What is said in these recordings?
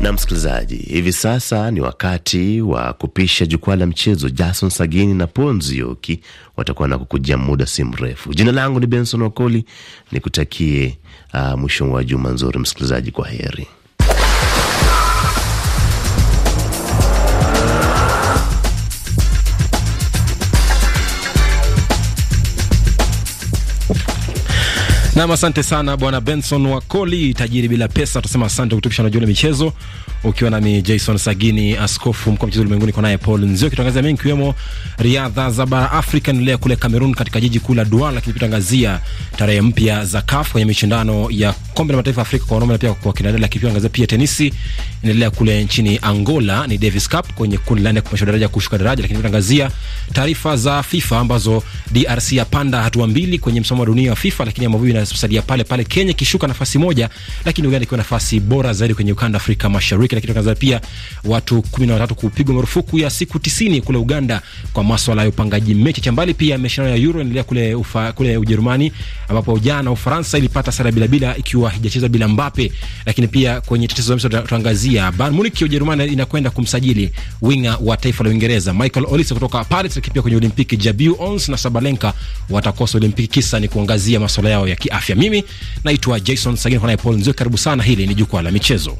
Na msikilizaji, hivi sasa ni wakati wa kupisha jukwaa la mchezo. Jason Sagini na Ponzi Yoki watakuwa na kukujia muda si mrefu. Jina langu ni Benson Wakoli, nikutakie uh, mwisho wa juma nzuri msikilizaji, kwa heri. Nam, asante sana bwana Benson Wakoli, tajiri bila pesa. Tutasema asante kutupisha najua michezo, ukiwa nami Jason Sagini, askofu mkuu wa michezo ulimwenguni, kwa naye Paul Nzio kitangazia mengi ikiwemo riadha za bara Afrika inaendelea kule Cameroon katika jiji kuu la Douala, lakini tutangazia tarehe mpya za CAF kwenye mashindano ya kombe la mataifa Afrika kwa wanaume na pia kwa kinadada, lakini pia angazia pia tenisi inaendelea kule nchini Angola, ni Davis Cup kwenye kundi la nne kwa daraja kushuka daraja, lakini tutangazia taarifa za FIFA ambazo DRC yapanda hatua mbili kwenye msomo wa dunia wa FIFA, lakini amavubi na kusalia pale pale, Kenya ikishuka nafasi moja, lakini Uganda ikiwa nafasi bora zaidi kwenye ukanda Afrika Mashariki. Lakini tunaanza pia watu kumi na watatu kupigwa marufuku ya siku tisini kule Uganda kwa maswala ya upangaji mechi cha mbali. Pia mashindano ya Euro inaendelea kule, ufa, kule Ujerumani ambapo jana Ufaransa ilipata sare bila bila ikiwa hijacheza bila Mbappe. Lakini pia kwenye tetezo la tuangazia Bayern Munich ya Ujerumani inakwenda kumsajili winga wa taifa la Uingereza Michael Olise kutoka Paris. Lakini pia kwenye Olimpiki Jabu Ons na Sabalenka watakosa Olimpiki, kisa ni kuangazia maswala yao ya ki kiafya. Mimi naitwa Jason Sagini, kwa naye Paul Nzio, karibu sana. Hili ni jukwaa la michezo.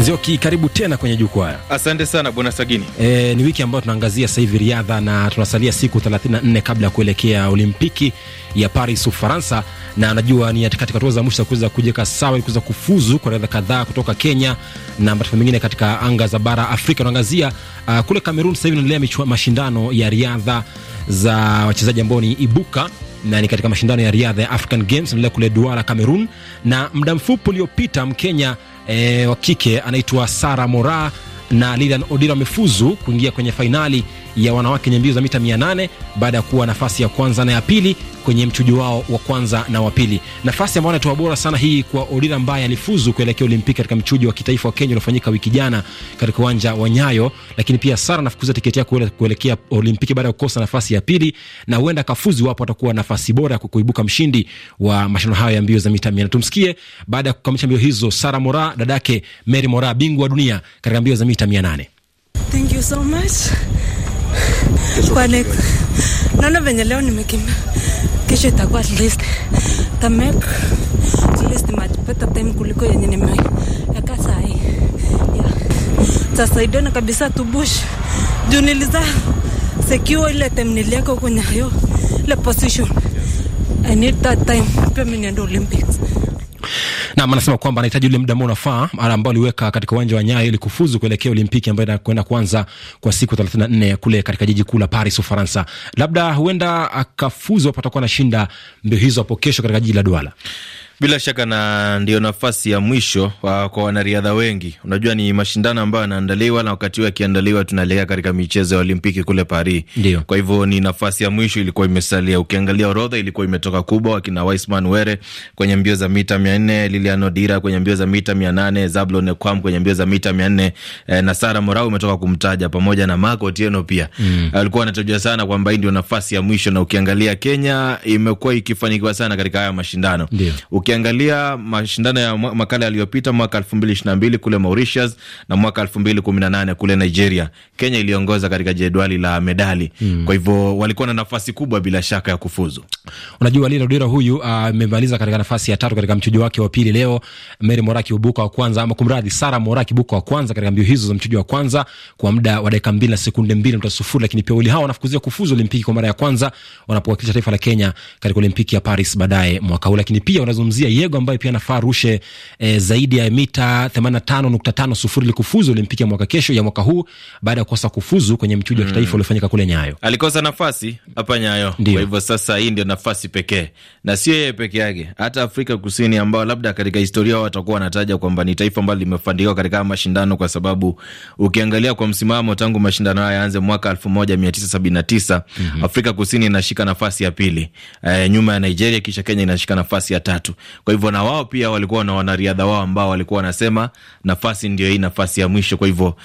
Nzioki, karibu tena kwenye jukwaa. Asante sana bwana Sagini. E, ni wiki ambayo tunaangazia sasa hivi riadha na tunasalia siku 34 kabla ya kuelekea Olimpiki ya Paris, Ufaransa, na najua ni katika hatua za mwisho za kuweza kujeka sawa ili kuweza kufuzu kwa riadha kadhaa kutoka Kenya na mataifa mengine katika anga za bara Afrika. Tunaangazia uh, kule Kamerun sasa hivi inaendelea mashindano ya riadha za wachezaji ambao ni ibuka na ni katika mashindano ya riadha ya African Games inaendelea kule Douala, Kamerun, na muda mfupi uliopita Mkenya e, wa kike anaitwa Sara Mora na Lilian Odira wamefuzu kuingia kwenye fainali ya wanawake kwenye mbio za mita 800 baada ya kuwa nafasi ya kwanza na ya pili kwenye mchujo wao wa kwanza na wa pili. Nafasi ambayo anatoa bora sana hii kwa Odira ambaye alifuzu kuelekea Olimpiki katika mchujo wa kitaifa wa Kenya uliofanyika wiki jana katika uwanja wa Nyayo, lakini pia Sara nafukuza tiketi yake kuelekea Olimpiki baada ya kukosa nafasi ya pili, na huenda kafuzu wapo atakuwa nafasi bora ya kuibuka mshindi wa mashindano hayo ya mbio za mita 800. Tumsikie baada ya kukamilisha mbio hizo Sara Mora, dadake Mary Mora, bingwa wa dunia katika mbio za mita 800. Thank you so much kwa next. Naona venye leo nimekimbia, kesho itakuwa at least ta make at least much better time kuliko yenye nimeweka saa hii Sasa idiona kabisa tubush juu niliza secure ile time nilieka kwenye hayo ile position. I need that time pia mi niende Olympics na anasema kwamba anahitaji ule muda ambao unafaa ambao aliweka katika uwanja wa Nyayo ili kufuzu kuelekea Olimpiki ambayo inakwenda kuanza kwa siku 34 kule katika jiji kuu la Paris, Ufaransa. Labda huenda akafuzu, atakuwa anashinda mbio hizo hapo kesho katika jiji la Douala. Bila shaka na ndio nafasi ya mwisho wa, uh, kwa wanariadha wengi. Unajua ni mashindano ambayo yanaandaliwa na wakati huo yakiandaliwa, tunaelekea katika michezo ya Olimpiki kule Paris. Ndiyo. Kwa hivyo ni nafasi ya mwisho ilikuwa imesalia. Ukiangalia orodha ilikuwa imetoka kubwa, wakina Wiseman Were kwenye mbio za mita mia nne, Lilian Odira kwenye mbio za mita mia nane, Zablon Ekwam kwenye mbio za mita mia nne eh, na Sara Morau umetoka kumtaja pamoja na Mark Otieno pia mm. Alikuwa anatajwa sana kwamba hii ndio nafasi ya mwisho, na ukiangalia Kenya imekuwa ikifanikiwa sana katika haya mashindano. Ndiyo. Ukiangalia mashindano ya makala yaliyopita mwaka elfu mbili ishirini na mbili kule Mauritius na mwaka elfu mbili kumi na nane kule Nigeria, Kenya iliongoza katika jedwali la medali mm. Kwa hivyo walikuwa na nafasi kubwa bila shaka ya kufuzu. Unajua Lila Odira huyu ah, amemaliza uh, katika nafasi ya tatu katika mchujo wake wa pili leo. Mary Moraki Ubuka wa kwanza ama kumradhi, Sara Moraki buka wa kwanza katika mbio hizo za mchujo wa kwanza kwa muda wa dakika mbili na sekunde mbili nukta sufuri, lakini pia wili hawa wanafukuzia kufuzu Olimpiki kwa mara ya kwanza wanapowakilisha taifa la Kenya katika Olimpiki ya Paris baadaye mwaka huu, lakini pia wanazungumzia kumzungumzia Yego ambaye pia anafaa rushe e, zaidi ya mita 85.5 sufuri likufuzu Olimpiki ya mwaka kesho ya mwaka huu baada ya kukosa kufuzu kwenye mchujo mm. wa hmm. kitaifa uliofanyika kule Nyayo. Alikosa nafasi hapa Nyayo, kwa hivyo sasa hii ndio nafasi pekee, na sio yeye peke yake, hata Afrika Kusini ambao labda katika historia wao watakuwa wanataja kwamba ni taifa ambalo limefanikiwa katika mashindano, kwa sababu ukiangalia kwa msimamo tangu mashindano haya yaanze mwaka 1979 mm -hmm. Afrika Kusini inashika nafasi ya pili, e, nyuma ya Nigeria, kisha Kenya inashika nafasi ya tatu. Kwa hivyo na wao pia walikuwa na wanariadha wao ambao walikuwa wanasema nafasi ndio hii, nafasi ya mwisho. Kwa hivyo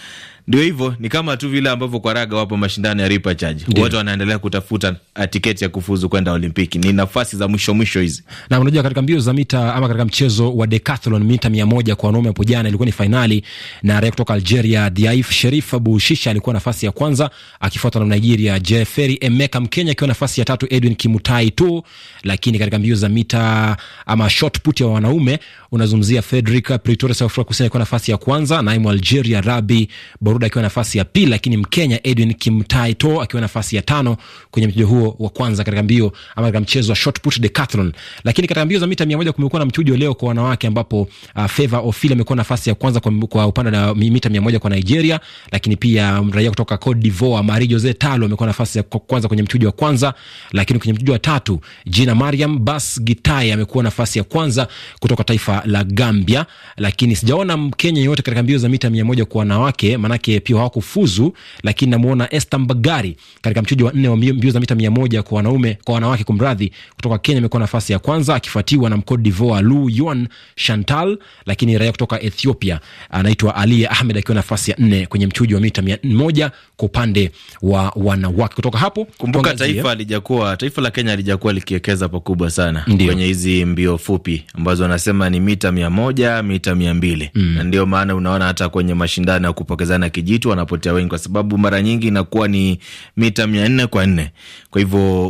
ndio hivyo, ni kama tu vile ambavyo kwa raga wapo mashindano ya repechage, wote wanaendelea kutafuta uh, tiketi ya kufuzu kwenda Olimpiki. Ni nafasi za mwisho mwisho hizi, na unajua, katika mbio za mita ama katika mchezo wa decathlon mita mia moja kwa wanaume hapo jana ilikuwa ni fainali, na raia kutoka Algeria Dhaif Sherif Bushisha alikuwa nafasi ya kwanza, akifuatwa na Nigeria Jeferi Emeka, Mkenya akiwa nafasi ya tatu, Edwin Kimutai tu. Lakini katika mbio za mita ama shot put ya wanaume unazungumzia Frederick Pretoria, South Africa Kusini alikuwa nafasi ya kwanza, naye Algeria Rabi Oruda akiwa nafasi ya pili, lakini Mkenya Edwin Kimtaito akiwa nafasi ya tano kwenye mchujo huo wa kwanza katika mbio ama katika mchezo wa shotput decathlon. Lakini katika mbio za mita mia moja kumekuwa na mchujo leo kwa wanawake ambapo uh, Favor Ofili amekuwa nafasi ya kwanza kwa, kwa upande wa mita mia moja kwa Nigeria, lakini pia um, raia kutoka Cote d'Ivoire Marie Jose Talo amekuwa nafasi ya kwanza kwenye mchujo wa kwanza, lakini kwenye mchujo wa tatu Jina Mariam Bas Gitai amekuwa nafasi ya kwanza kutoka taifa la Gambia, lakini sijaona Mkenya yoyote katika mbio za mita mia moja kwa wanawake maanake yake pia hawakufuzu, lakini namuona Esther Mbagari katika mchujo wa nne wa mbio za mita mia moja kwa wanaume, kwa wanawake kumradhi, kutoka Kenya amekuwa nafasi ya kwanza akifuatiwa na Mcote d'Ivoire Lu Yuan Chantal, lakini raia kutoka Ethiopia anaitwa Alia Ahmed akiwa nafasi ya nne kwenye mchujo wa mita mia moja kwa upande wa wanawake. Kutoka hapo kumbuka, taifa alijakuwa taifa la Kenya alijakuwa likiwekeza pakubwa sana ndiyo, kwenye hizi mbio fupi ambazo wanasema ni mita mia moja mita mia mbili mm, na ndio maana unaona hata kwenye mashindano ya kupokezana Kijitu wanapotea wengi, kwa sababu mara nyingi inakuwa ni mita mia nne kwa nne. Kwa hivyo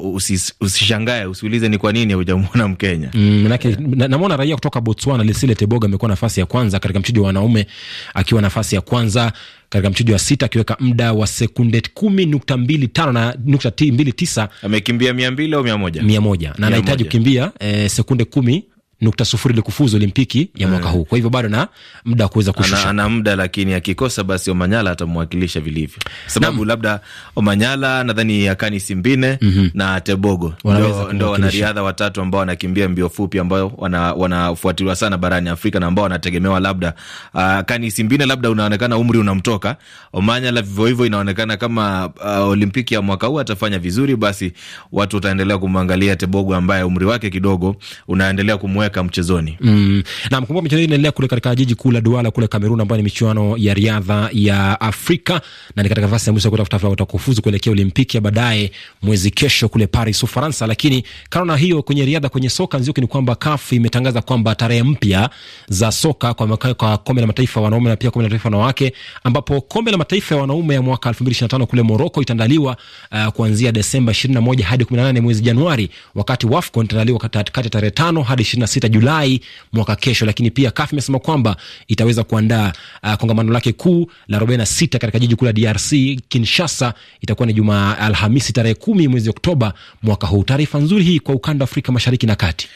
usishangae, usiulize ni kwa nini hujamwona Mkenya. Mm, manake namwona raia kutoka Botswana Lesile Teboga amekuwa nafasi ya kwanza katika mchujo wa wanaume akiwa nafasi ya kwanza katika mchujo wa sita akiweka mda wa sekunde kumi nukta mbili tano na nukta mbili tisa amekimbia mia mbili au mia moja mia moja na anahitaji kukimbia eh, sekunde kumi nukta sufuri ili kufuzu Olimpiki ya mwaka eh. huu. Kwa hivyo bado na muda wa kuweza kushusha, ana, ana muda lakini akikosa basi Omanyala atamwakilisha vilivyo, sababu na, labda Omanyala nadhani Akani Simbine mm -hmm. na Tebogo ndo wanariadha watatu ambao wanakimbia mbio fupi ambao wanafuatiliwa wana sana barani Afrika na ambao wanategemewa labda ah, Akani uh, Simbine labda unaonekana umri unamtoka. Omanyala vivyo hivyo inaonekana kama uh, Olimpiki ya mwaka huu atafanya vizuri, basi watu wataendelea kumwangalia Tebogo ambaye umri wake kidogo unaendelea kumwe kumweka mchezoni mm. na mkumbuka michezo hii inaendelea kule katika jiji kuu la Duala kule Kamerun, ambayo ni michuano ya riadha ya Afrika na ni katika nafasi ya mwisho kutafuta utakufuzu kuelekea Olimpiki ya baadaye mwezi kesho kule Paris, Ufaransa. Lakini kando na hiyo, kwenye riadha, kwenye soka nzio ni kwamba CAF imetangaza kwamba tarehe mpya za soka kwa, kwa kombe la mataifa wanaume na pia kombe la mataifa wanawake, ambapo kombe la mataifa ya wanaume ya mwaka 2025 kule Morocco itaandaliwa uh, kuanzia Desemba 21 hadi 18 mwezi Januari, wakati WAFCON itaandaliwa katikati ya tarehe 5 hadi 26 sita Julai mwaka kesho. Lakini pia CAF imesema kwamba itaweza kuandaa uh, kongamano lake kuu la sita katika jiji kuu la DRC Kinshasa, itakuwa ni juma Alhamisi tarehe kumi mwezi Oktoba mwaka huu. Taarifa nzuri hii kwa ukanda wa Afrika Mashariki na Kati.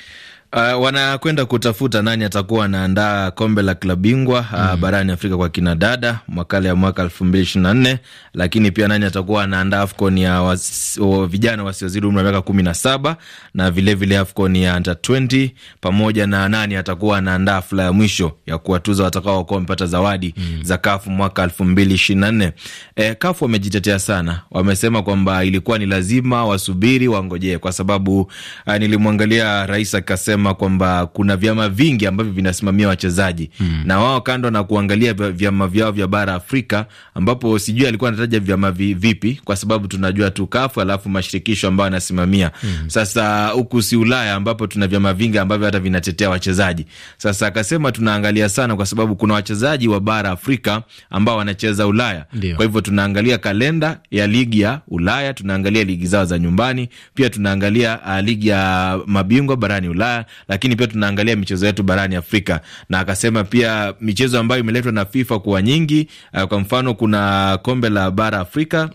Uh, wanakwenda kutafuta nani atakuwa anaandaa kombe la klabu bingwa mm, uh, barani Afrika kwa kina dada mwakale ya mwaka elfu mbili ishirini na nne, lakini pia nani atakuwa anaandaa AFCON ya was, o, vijana wasiozidi umri wa miaka kumi na saba na vilevile AFCON ya under 20 pamoja na nani atakuwa anaandaa hafla ya mwisho ya kuwatuza watakao wakuwa wamepata zawadi mm, za kafu mwaka elfu mbili ishirini na nne. E, eh, kafu wamejitetea sana, wamesema kwamba ilikuwa ni lazima wasubiri wangojee, kwa sababu uh, nilimwangalia rais akasema kusema kwamba kuna vyama vingi ambavyo vinasimamia wachezaji mm. na wao kando na kuangalia vyama vyao vya bara Afrika, ambapo sijui alikuwa anataja vyama vipi, kwa sababu tunajua tu kafu alafu mashirikisho ambayo anasimamia mm. Sasa huku si Ulaya ambapo tuna vyama vingi ambavyo hata vinatetea wachezaji. Sasa akasema tunaangalia sana, kwa sababu kuna wachezaji wa bara Afrika ambao wanacheza Ulaya Dio. Kwa hivyo tunaangalia kalenda ya ligi ya Ulaya, tunaangalia ligi zao za nyumbani, pia tunaangalia ah, ligi ya mabingwa barani Ulaya lakini pia tunaangalia michezo yetu barani Afrika. Na akasema pia michezo ambayo imeletwa na FIFA kuwa nyingi, eh, kwa mfano kuna kombe la bara Afrika,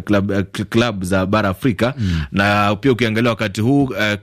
klabu eh, eh, za bara Afrika mm. na pia ukiangalia wakati huu uh,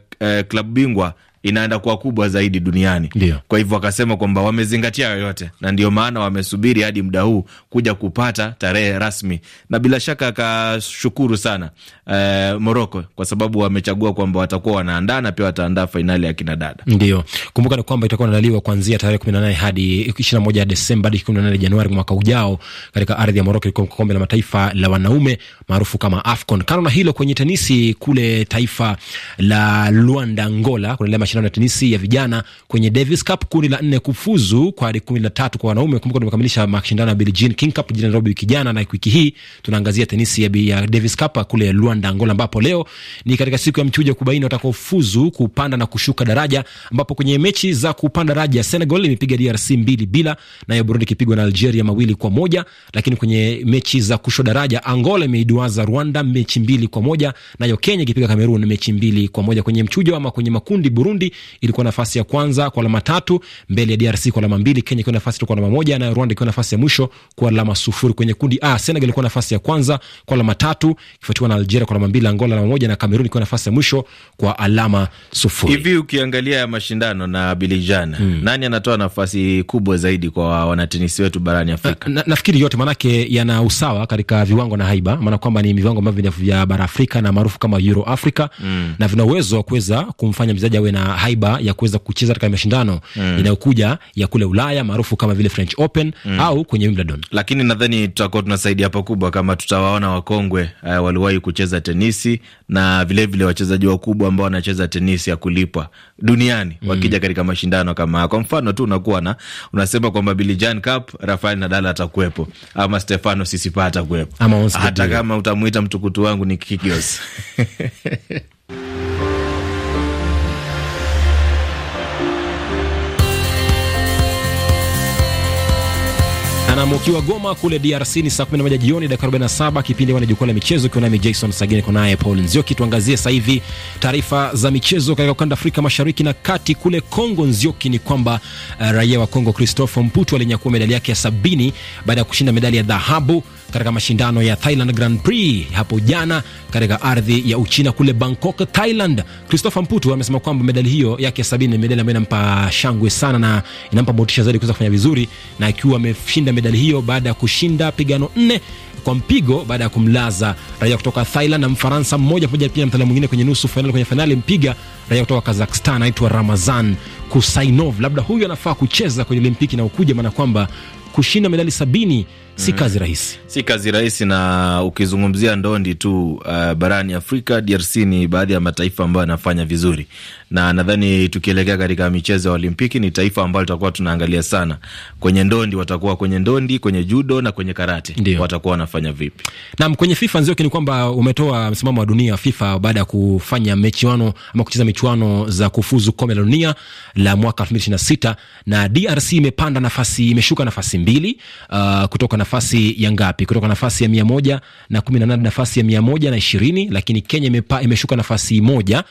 klabu bingwa inaenda kuwa kubwa zaidi duniani. Dio. Kwa hivyo wakasema kwamba wamezingatia yoyote, na ndio maana wamesubiri hadi muda huu kuja kupata tarehe rasmi, na bila shaka akashukuru sana e, eh, Moroko kwa sababu wamechagua kwamba watakuwa wanaandaa na pia wataandaa fainali ya kinadada. Ndio kumbuka ni kwamba itakuwa inaandaliwa kuanzia tarehe kumi na nane hadi ishirini na moja Desemba hadi kumi na nane Januari mwaka ujao katika ardhi ya Moroko kombe la mataifa la wanaume maarufu kama AFCON. Kando na hilo, kwenye tenisi kule taifa la Luanda, Angola kunaendelea mashindano ya tenisi ya vijana kwenye Davis Cup kundi la nne kufuzu kwa hadi kumi la tatu kwa wanaume. Kumbuka tumekamilisha mashindano ya Billie Jean King Cup jijini Nairobi wiki jana, na wiki hii tunaangazia tenisi ya, ya Davis Cup kule Luanda, Angola, ambapo leo ni katika siku ya mchujo kubaini watakaofuzu kupanda na kushuka daraja, ambapo kwenye mechi za kupanda daraja Senegal imepiga DRC mbili bila, nayo Burundi ikipigwa na Algeria mawili kwa moja, lakini kwenye mechi za kushuka daraja Angola imeiduaza Rwanda mechi mbili kwa moja, nayo Kenya ikipiga Kamerun mechi mbili kwa moja. Kwenye mchujo ama kwenye makundi Burundi Burundi ilikuwa nafasi ya kwanza kwa alama tatu mbele ya DRC kwa alama mbili, Kenya ikiwa nafasi kwa alama moja na Rwanda ikiwa nafasi ya mwisho kwa alama sufuri. Kwenye kundi A, Senegal ilikuwa nafasi ya kwanza kwa alama tatu ikifuatiwa na Algeria kwa alama mbili, Angola alama moja na Kamerun ikiwa nafasi ya mwisho kwa alama sufuri. Hivi ukiangalia ya mashindano na Abidjan, hmm, nani anatoa nafasi kubwa zaidi kwa wanatenisi wetu barani Afrika? Na, nafikiri yote maanake yana usawa katika viwango na haiba, maana kwamba ni viwango ambavyo vya bara Afrika na maarufu kama Euro Africa, hmm, na vina uwezo wa kuweza kumfanya mchezaji awe na haiba ya kuweza kucheza katika mashindano mm. inayokuja ya kule Ulaya maarufu kama vile French Open mm. au kwenye Wimbledon. Lakini nadhani tutakuwa tunasaidia pakubwa kama tutawaona wakongwe uh, waliwahi kucheza tenisi na vilevile wachezaji wakubwa ambao wanacheza tenisi ya kulipwa duniani mm. wakija katika mashindano kama kwa mfano tu unakuwa na unasema kwamba Billie Jean Cup Rafael Nadal atakuwepo ama Stefano Sisipa atakuwepo hata kama utamwita mtukutu wangu ni Kikios Naam, Goma kule DRC ni saa 11 jioni dakika 47, kipindi ni jukwaa la michezo, ukiwa nami Jason Sagini, uko naye Paul Nzioki. Tuangazie sasa hivi taarifa za michezo katika ukanda Afrika Mashariki na Kati. Kule Kongo, Nzioki, ni kwamba uh, raia wa Kongo Christopher Mputu alinyakua medali yake ya sabini baada ya kushinda medali ya dhahabu katika mashindano ya Thailand Grand Prix hapo jana katika ardhi ya Uchina kule Bangkok, Thailand. Christopher Mputu amesema kwamba medali hiyo yake ya sabini ni medali ambayo inampa shangwe sana na inampa motisha zaidi kuweza kufanya vizuri, na akiwa ameshinda medali hiyo baada ya kushinda pigano nne kwa mpigo baada ya kumlaza raia kutoka Thailand na Mfaransa mmoja pamoja pia na mtaalam mwingine kwenye nusu fainali, kwenye fainali mpiga raia kutoka Kazakhstan anaitwa Ramazan Kusainov. Labda huyu anafaa kucheza kwenye Olimpiki na ukuja, maana kwamba kushinda medali sabini si kazi rahisi, si kazi rahisi. Na ukizungumzia ndondi tu uh, barani Afrika, DRC ni baadhi ya mataifa ambayo yanafanya vizuri, na nadhani tukielekea katika michezo ya Olimpiki ni taifa ambalo tutakuwa tunaangalia sana kwenye ndondi. Watakuwa kwenye ndondi, kwenye judo na kwenye karate. Ndiyo. watakuwa wanafanya vipi? Naam, kwenye FIFA nzio ni kwamba umetoa msimamo wa dunia FIFA baada ya kufanya michuano ama kucheza michuano za kufuzu kombe la dunia la mwaka 2026 na DRC imepanda nafasi, imeshuka nafasi mbili uh, kutoka na nafasi ya ngapi kutoka nafasi ya mia moja na kumi na nane nafasi ya mia moja na ishirini lakini Kenya imepa, imeshuka nafasi moja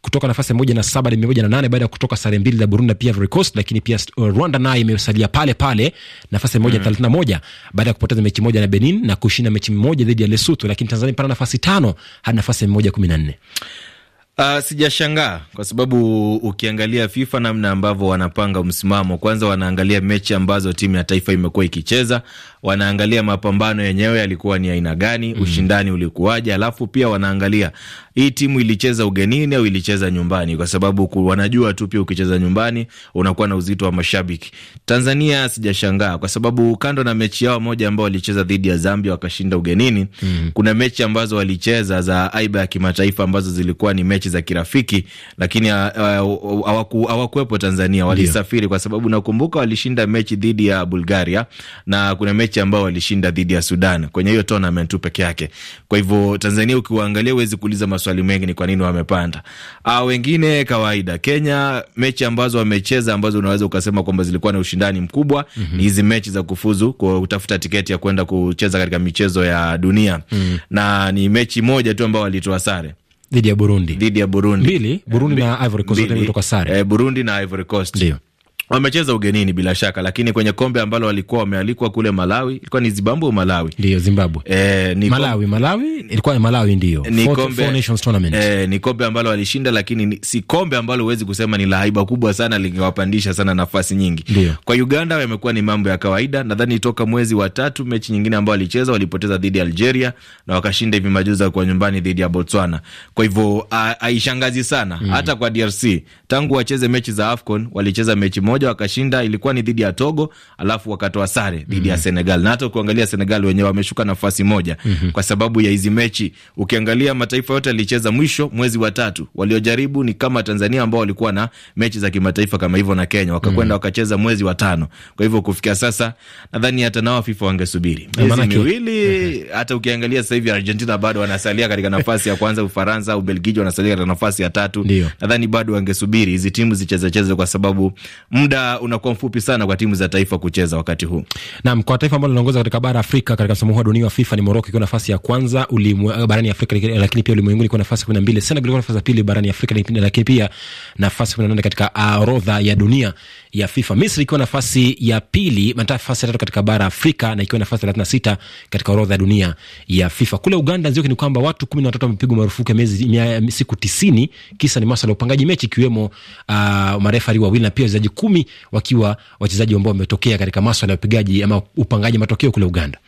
kutoka nafasi ya moja na saba hadi mia moja na nane baada ya kutoka sare mbili za Burundi na pia Ivory Coast, lakini pia uh, Rwanda nayo imesalia pale pale nafasi moja mm. thelathini na moja baada ya kupoteza mechi moja na Benin na kushinda mechi moja dhidi ya Lesotho, lakini Tanzania pana nafasi tano hadi nafasi moja kumi na nne. Uh, sijashangaa kwa sababu ukiangalia FIFA namna ambavyo wanapanga msimamo, kwanza wanaangalia mechi ambazo timu ya taifa imekuwa ikicheza, wanaangalia mapambano yenyewe yalikuwa ni aina gani, mm. ushindani ulikuwaje, alafu pia wanaangalia hii timu ilicheza ugenini au ilicheza nyumbani, kwa sababu wanajua tu pia ukicheza nyumbani unakuwa na uzito wa mashabiki. Tanzania sijashangaa kwa sababu kando na mechi yao moja ambao walicheza dhidi ya Zambia wakashinda ugenini, mm. kuna mechi ambazo walicheza za aiba ya kimataifa ambazo zilikuwa ni mechi za kirafiki, lakini ah, ah, hawakuwepo Tanzania, walisafiri kwa sababu nakumbuka walishinda mechi dhidi ya Bulgaria na kuna mechi wachache ambao walishinda dhidi ya Sudan kwenye hiyo tournament tu peke yake. Kwa hivyo Tanzania ukiwaangalia, huwezi kuuliza maswali mengi, ni kwa nini wamepanda. Ah, wengine kawaida. Kenya mechi ambazo wamecheza ambazo unaweza ukasema kwamba zilikuwa na ushindani mkubwa mm -hmm. ni hizi mechi za kufuzu kwa kutafuta tiketi ya kwenda kucheza katika michezo ya dunia mm -hmm. na ni mechi moja tu ambao walitoa sare dhidi ya Burundi, dhidi ya Burundi mbili, Burundi na Ivory Coast, kutoka sare eh, Burundi na Ivory Coast ndio Wamecheza ugenini bila shaka, lakini kwenye kombe ambalo walikuwa wamealikwa kule Malawi, ilikuwa ni Zimbabwe Malawi? Ndio Zimbabwe. e, ni Malawi, Malawi ilikuwa ni Malawi ndio. Ni kombe Four Nations Tournament. Eh, ni kombe ambalo walishinda, lakini ni, si kombe ambalo huwezi kusema ni la haiba kubwa sana, lingewapandisha sana nafasi nyingi. Ndiyo. Kwa Uganda yamekuwa ni mambo ya kawaida. Nadhani toka mwezi wa tatu mechi nyingine ambayo walicheza walipoteza dhidi ya Algeria na wakashinda hivi majuzi kwa nyumbani dhidi ya Botswana. Kwa hivyo haishangazi sana mm. Hata kwa DRC tangu wacheze mechi za AFCON walicheza mechi moja moja wakashinda, ilikuwa ni dhidi ya Togo, alafu wakatoa sare dhidi mm -hmm. ya mhm. Senegal. Na hata ukiangalia Senegal wenyewe wameshuka nafasi moja mm -hmm. kwa sababu ya hizi mechi. Ukiangalia mataifa yote yalicheza mwisho mwezi wa tatu, waliojaribu ni kama Tanzania ambao walikuwa na mechi za kimataifa kama hivyo na Kenya wakakwenda mm -hmm. wakacheza mwezi wa tano. Kwa hivyo kufikia sasa nadhani hata nao FIFA wangesubiri miezi miwili. Mhm. Hata ukiangalia sasa hivi Argentina bado wanasalia katika nafasi ya kwanza, Ufaransa, Ubelgiji wanasalia katika nafasi ya tatu. Nadhani bado wangesubiri hizi timu zichezecheze kwa sababu mm, muda unakuwa mfupi sana kwa timu za taifa kucheza wakati huu. Naam, kwa taifa ambalo linaongoza katika bara Afrika katika msimu huu wa dunia wa FIFA ni Morocco ikiwa nafasi ya kwanza ulimu, eh, barani Afrika, lakini pia ulimwenguni kwa nafasi 12. Senegal kwa nafasi ya pili barani Afrika, lakini pia nafasi 18 katika orodha ya dunia ya FIFA. Misri ikiwa nafasi ya pili, nafasi ya tatu katika bara Afrika na ikiwa nafasi 36 katika orodha ya dunia ya FIFA. Kule Uganda Nzioki, ni kwamba watu 13 wamepigwa marufuku ya miezi siku 90, kisa ni masuala ya upangaji mechi ikiwemo uh, ah, marefari wawili na pia wachezaji 10 kumi wakiwa wachezaji ambao wametokea katika maswala ya upigaji ama upangaji matokeo kule Uganda.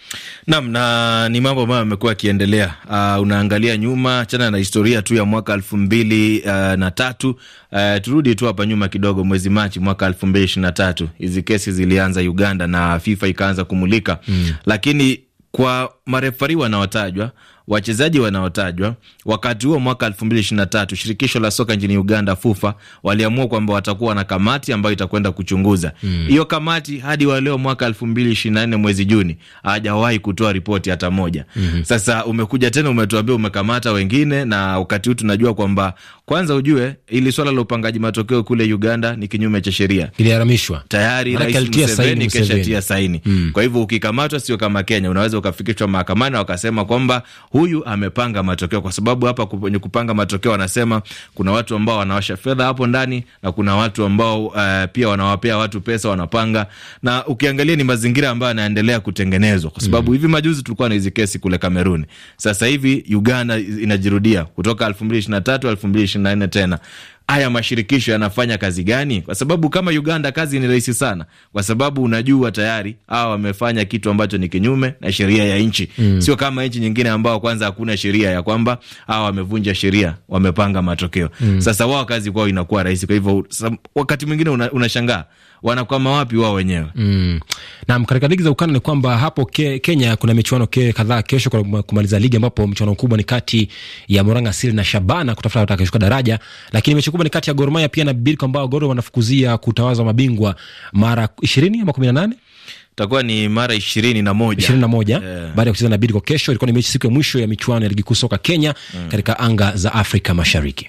Naam, na ni mambo ambayo yamekuwa yakiendelea. Uh, unaangalia nyuma, chana na historia tu ya mwaka elfu mbili uh, na tatu. Uh, turudi tu hapa nyuma kidogo, mwezi Machi mwaka elfu mbili ishirini na tatu hizi kesi zilianza Uganda na FIFA ikaanza kumulika mm. lakini kwa marefari wanaotajwa, wachezaji wanaotajwa. Wakati huo mwaka 2023 shirikisho la soka nchini Uganda, FUFA, waliamua kwamba watakuwa na kamati ambayo itakwenda kuchunguza hmm. hiyo mm. Kamati hadi wa leo mwaka 2024 mwezi Juni hajawahi kutoa ripoti hata moja mm -hmm. Sasa umekuja tena umetuambia umekamata wengine, na wakati huu tunajua kwamba kwanza ujue ili swala la upangaji matokeo kule Uganda ni kinyume cha sheria, iliharamishwa tayari. Rais Museveni saini, saini mm. Kwa hivyo ukikamatwa sio kama Kenya, unaweza ukafikishwa mahakamani, wakasema kwamba huyu amepanga matokeo, kwa sababu hapa kwenye kupanga matokeo wanasema kuna watu ambao wanawasha fedha hapo ndani na kuna watu ambao uh, pia wanawapea watu pesa wanapanga, na ukiangalia ni mazingira ambayo yanaendelea kutengenezwa, kwa sababu mm. hivi majuzi tulikuwa na hizi kesi kule Kameruni, sasa hivi Uganda inajirudia kutoka elfu mbili ishirini na tatu elfu mbili ishirini na nne tena haya mashirikisho yanafanya kazi gani? Kwa sababu kama Uganda kazi ni rahisi sana, kwa sababu unajua tayari hawa wamefanya kitu ambacho ni kinyume na sheria ya nchi mm. Sio kama nchi nyingine ambao kwanza hakuna sheria ya kwamba hawa wamevunja sheria, wamepanga matokeo mm. Sasa wao kazi kwao inakuwa rahisi, kwa hivyo wakati mwingine unashangaa una wanakwama wapi wao wenyewe. Mm. Naam, katika ligi za ukanda ni kwamba hapo ke, Kenya kuna michuano ke kadhaa kesho kumaliza ligi, ambapo mchuano mkubwa ni kati ya Moranga Sili na Shabana kutafuta watakayeshuka daraja, lakini mechi kubwa ni kati ya Gor Mahia pia na Bidco ambao Gor wanafukuzia kutawaza mabingwa mara ishirini ama kumi na nane itakuwa ni mara ishirini na moja ishirini na moja yeah, baada ya kucheza na Bidco kesho. Ilikuwa ni mechi siku ya mwisho ya michuano ya ligi kuu soka Kenya mm, katika anga za Afrika Mashariki.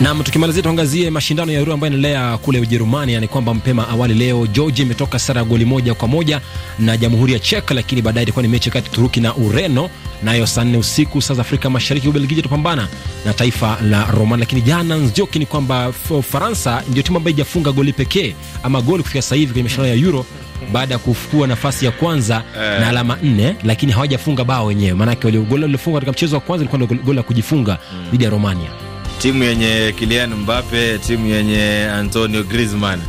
Nam, tukimalizia tuangazie mashindano ya Euro ambayo yanaendelea kule Ujerumani. Yani kwamba mpema awali leo Georgia imetoka sara ya goli moja kwa moja na jamhuri ya Czech, lakini baadaye ilikuwa ni mechi kati Turuki na Ureno, nayo saa nne usiku saa za Afrika Mashariki. Ubelgiji atapambana na taifa la Romania, lakini jana nzioki ni kwamba Faransa ndio timu ambayo ijafunga goli pekee ama goli kufika sasa hivi kwenye mashindano ya Euro baada ya kufukua nafasi ya kwanza eh, na alama nne, lakini hawajafunga bao wenyewe, maanake goli lilofungwa katika mchezo wa kwanza ilikuwa ndio goli la kujifunga mm. dhidi mm, ya Romania timu yenye Kylian Mbappe, timu yenye Antonio Griezmann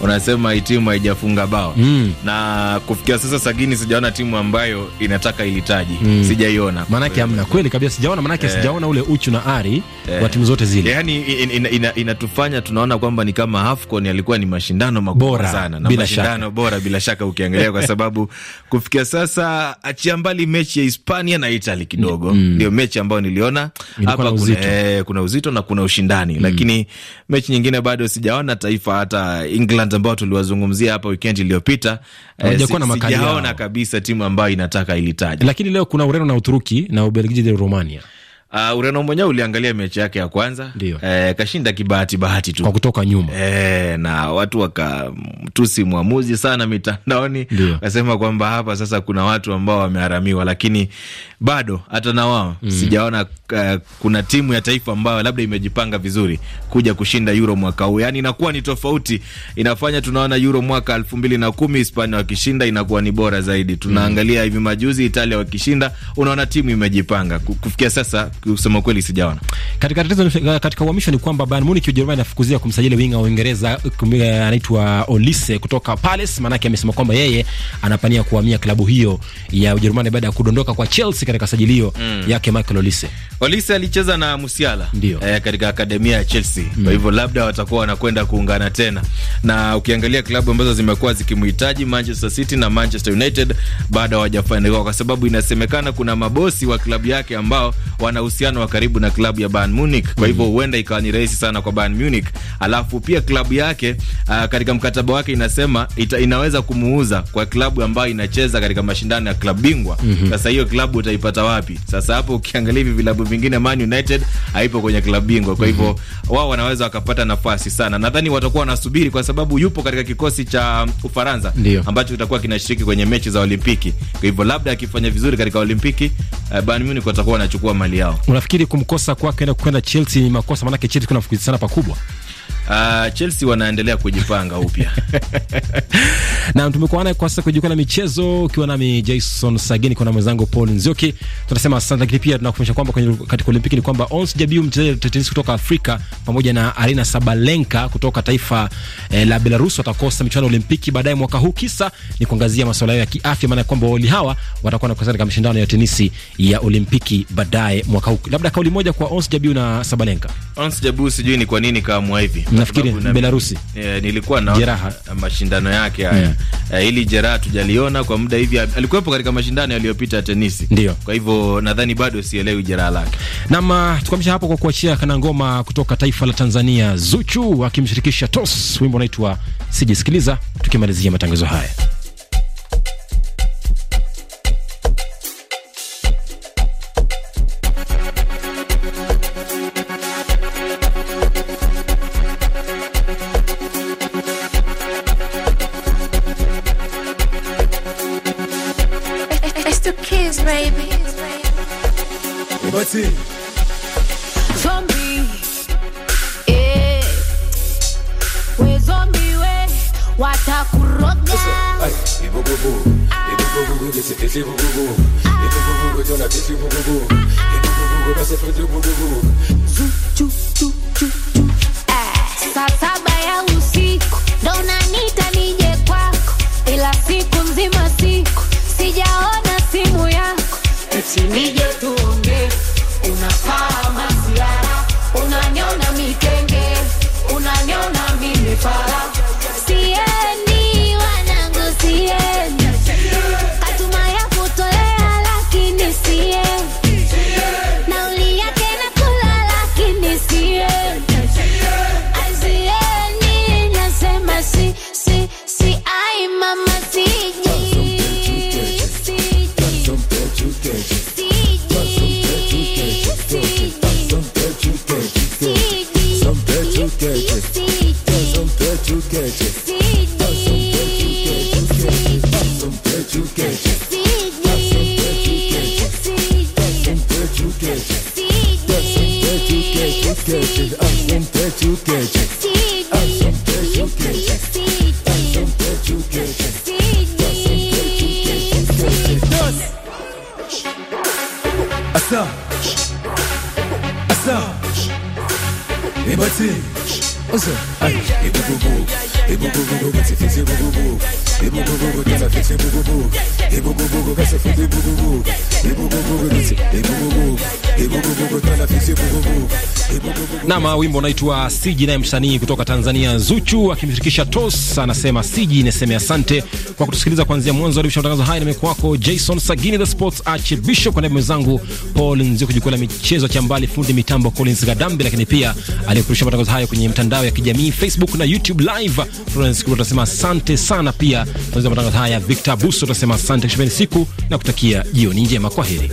unasema hii timu haijafunga bao mm. na kufikia sasa Sagini sijaona timu ambayo inataka ilitaji mm. sijaiona, maanake amna eh. kweli kabisa, sijaona maanake yeah. sijaona ule uchu na ari yeah. wa eh. timu zote zile, yani inatufanya in, in, in, in, tunaona kwamba ni kama hafcon yalikuwa ni mashindano makubwa sana na mashindano shaka. bora bila shaka ukiangalia kwa sababu kufikia sasa achia mbali mechi ya Hispania na itali kidogo mm. ndio mm. mechi ambayo niliona hapa kuna Kuna, eh, kuna uzito na kuna ushindani mm. lakini mechi nyingine bado sijaona taifa hata England Lions ambao tuliwazungumzia hapa wikendi iliyopita, eh, sijaona kabisa timu ambayo inataka ilitaji lakini leo kuna Ureno na Uturuki na Ubelgiji ya Romania Uh, Ureno mwenyewe uliangalia mechi yake ya kwanza eh, kashinda kibahati bahati tu kwa kutoka nyuma eh, na watu wakamtusi mwamuzi sana mitandaoni, kasema kwamba hapa sasa kuna watu ambao wameharamiwa, lakini bado hata na wao mm, sijaona uh, kuna timu ya taifa ambayo labda imejipanga vizuri kuja kushinda Euro mwaka huu. Yani inakuwa ni tofauti, inafanya tunaona Euro mwaka elfu mbili na kumi Hispania wakishinda inakuwa ni bora zaidi. Tunaangalia mm. hivi mm, majuzi Italia wakishinda, unaona timu imejipanga kufikia sasa kusema kweli sijaona. Katika tatizo katika uhamisho ni kwamba Bayern Munich Ujerumani inafukuzia kumsajili winga wa Uingereza anaitwa Olise kutoka Palace, maana yake amesema kwamba yeye anapania kuhamia klabu hiyo ya Ujerumani baada ya kudondoka kwa Chelsea katika sajilio mm. yake Michael Olise. Olise alicheza na Musiala ndio eh, katika akademia ya Chelsea. mm. Kwa hivyo labda watakuwa wanakwenda kuungana tena. Na ukiangalia klabu ambazo zimekuwa zikimhitaji Manchester City na Manchester United bado hawajafanikiwa kwa sababu inasemekana kuna mabosi wa klabu yake ambao wana uhusiano wa karibu na klabu ya Bayern Munich, kwa hivyo mm. huenda ikawa ni rahisi sana kwa Bayern Munich. Alafu pia klabu yake uh, katika mkataba wake inasema ita, inaweza kumuuza kwa klabu ambayo inacheza katika mashindano ya klabu bingwa. mm -hmm. Sasa hiyo klabu utaipata wapi? Sasa hapo ukiangalia hivi vilabu vingine, Man United haipo kwenye klabu bingwa, kwa hivyo mhm. wao wanaweza wakapata nafasi sana. Nadhani watakuwa wanasubiri kwa sababu yupo katika kikosi cha um, Ufaransa ambacho kitakuwa kinashiriki kwenye mechi za Olimpiki, kwa hivyo labda akifanya vizuri katika Olimpiki uh, Bayern Munich watakuwa wanachukua mali yao. Unafikiri kumkosa kwake enda kwenda Chelsea ni makosa? Maanake Chelsea kuna sana pakubwa Uh, Chelsea wanaendelea kujipanga upya. Na tumekuana kwa sasa kujikwa na michezo ukiwa nami Jason Sagini kwa na mwenzangu Paul Nzioki. Tunasema asante, lakini pia tunakukumbusha kwamba kwenye katika Olimpiki ni kwamba Ons Jabeur mchezaji wa tenisi kutoka Afrika pamoja na Arina Sabalenka kutoka taifa eh, la Belarus watakosa michuano ya Olimpiki baadaye mwaka huu. Kisa ni kuangazia masuala ya kiafya, maana kwamba wawili hawa watakuwa nakosana katika mashindano ya tenisi ya Olimpiki baadaye mwaka huu. Labda kauli moja kwa Ons Jabeur na Sabalenka. Ons Jabeur sijui ni kwa nini kaamua hivi nafikiri Belarusi e, nilikuwa na jeraha mashindano yake haya yeah. Hmm. E, ili jeraha tujaliona kwa muda hivi, alikuwepo katika mashindano yaliyopita tenisi, ndio kwa hivyo nadhani bado sielewi jeraha lake. Nam ah, tukamsha hapo kwa kuachia kana ngoma kutoka taifa la Tanzania, Zuchu akimshirikisha Tos, wimbo unaitwa Sijisikiliza, tukimalizia matangazo haya Let's Zombie, eh, we zombie we ya usiku kwako, ila siku nzima siku sijaona simu yako, eti nije tu una fama, un año mi basi fisi bugubu wimbo unaitwa Siji, naye msanii kutoka Tanzania Zuchu akimshirikisha Tos anasema Siji niseme asante kwa kutusikiliza kuanzia mwanzo hadi matangazo haya. Nimekuwa kwako Jason Sagini, the sports archbishop, kwa zangu Paul Nzio, kujikua la michezo cha mbali, fundi mitambo Collins Gadambi, lakini pia aliyekurusha matangazo hayo kwenye mtandao ya kijamii Facebook na YouTube live. Tunasikia tunasema asante sana. Pia mwenzi wa matangazo haya Victor Buso, tunasema asante, shimeni siku na kutakia jioni njema, kwa heri.